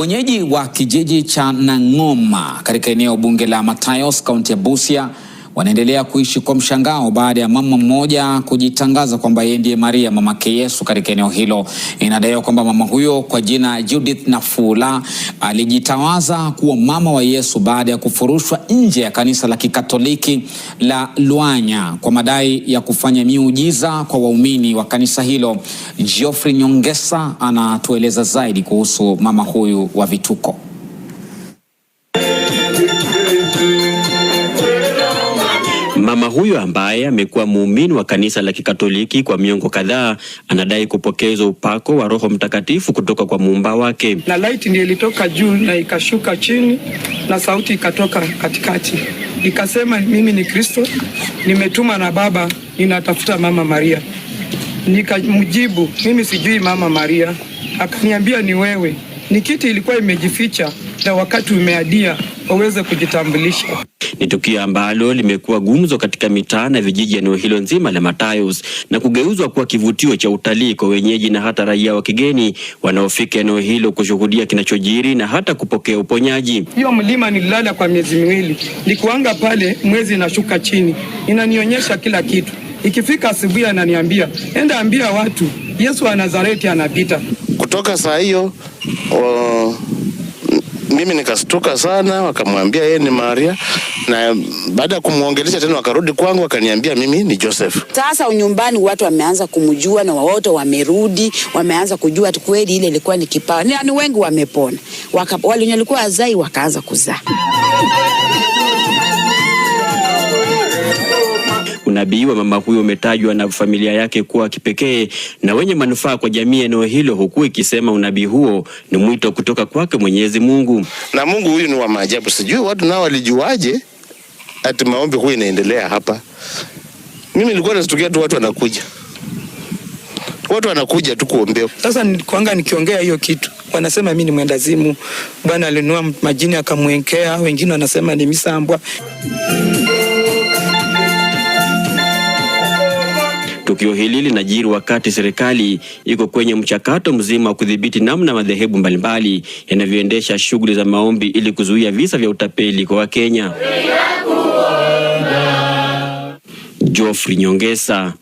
Wenyeji wa kijiji cha Nang'oma katika eneo bunge la Matayos, kaunti ya Busia wanaendelea kuishi kwa mshangao baada ya mama mmoja kujitangaza kwamba yeye ndiye Maria mamake Yesu katika eneo hilo. Inadaiwa kwamba mama huyo kwa jina Judith Nafula alijitawaza kuwa mama wa Yesu baada ya kufurushwa nje ya kanisa la Kikatoliki la Lwanya kwa madai ya kufanya miujiza kwa waumini wa kanisa hilo. Geoffrey Nyongesa anatueleza zaidi kuhusu mama huyu wa vituko. huyo ambaye amekuwa muumini wa kanisa la Kikatoliki kwa miongo kadhaa anadai kupokezwa upako wa Roho Mtakatifu kutoka kwa muumba wake. Na light ndiyo ilitoka juu na ikashuka chini na sauti ikatoka katikati ikasema, mimi ni Kristo, nimetuma na Baba, ninatafuta Mama Maria. Nikamjibu, mimi sijui Mama Maria. Akaniambia, ni wewe. Ni kiti ilikuwa imejificha na wakati umeadia waweze kujitambulisha. Ni tukio ambalo limekuwa gumzo katika mitaa na vijiji eneo hilo nzima la Matayos na kugeuzwa kuwa kivutio cha utalii kwa wenyeji na hata raia wa kigeni wanaofika eneo hilo kushuhudia kinachojiri na hata kupokea uponyaji. Hiyo mlima nililala kwa miezi miwili, nikuanga pale mwezi inashuka chini, inanionyesha kila kitu. Ikifika asubuhi ananiambia enda ambia watu Yesu wa Nazareti anapita. Kutoka saa hiyo mimi nikastuka sana, wakamwambia yeye ni Maria, na baada ya kumwongelesha tena wakarudi kwangu wakaniambia mimi ni Joseph. Sasa nyumbani watu wameanza kumjua na wote wamerudi, wameanza kujua kweli ile ilikuwa ni kipawa, ni wengi wamepona, wale walikuwa wazai wakaanza kuzaa unabii wa mama huyo umetajwa na familia yake kuwa kipekee na wenye manufaa kwa jamii eneo hilo, huku ikisema unabii huo ni mwito kutoka kwake Mwenyezi Mungu. Na Mungu huyu ni wa maajabu, sijui watu nao walijuaje ati maombi huyu inaendelea hapa. Mimi nilikuwa nasitokea tu watu wanakuja watu wanakuja tu kuombea. Sasa kwanga nikiongea hiyo kitu, wanasema mimi ni mwendazimu, Bwana alinua majini akamwekea, wengine wanasema ni misambwa. Tukio hili linajiri wakati serikali iko kwenye mchakato mzima wa kudhibiti namna madhehebu mbalimbali yanavyoendesha shughuli za maombi ili kuzuia visa vya utapeli kwa Wakenya. Geoffrey Nyongesa,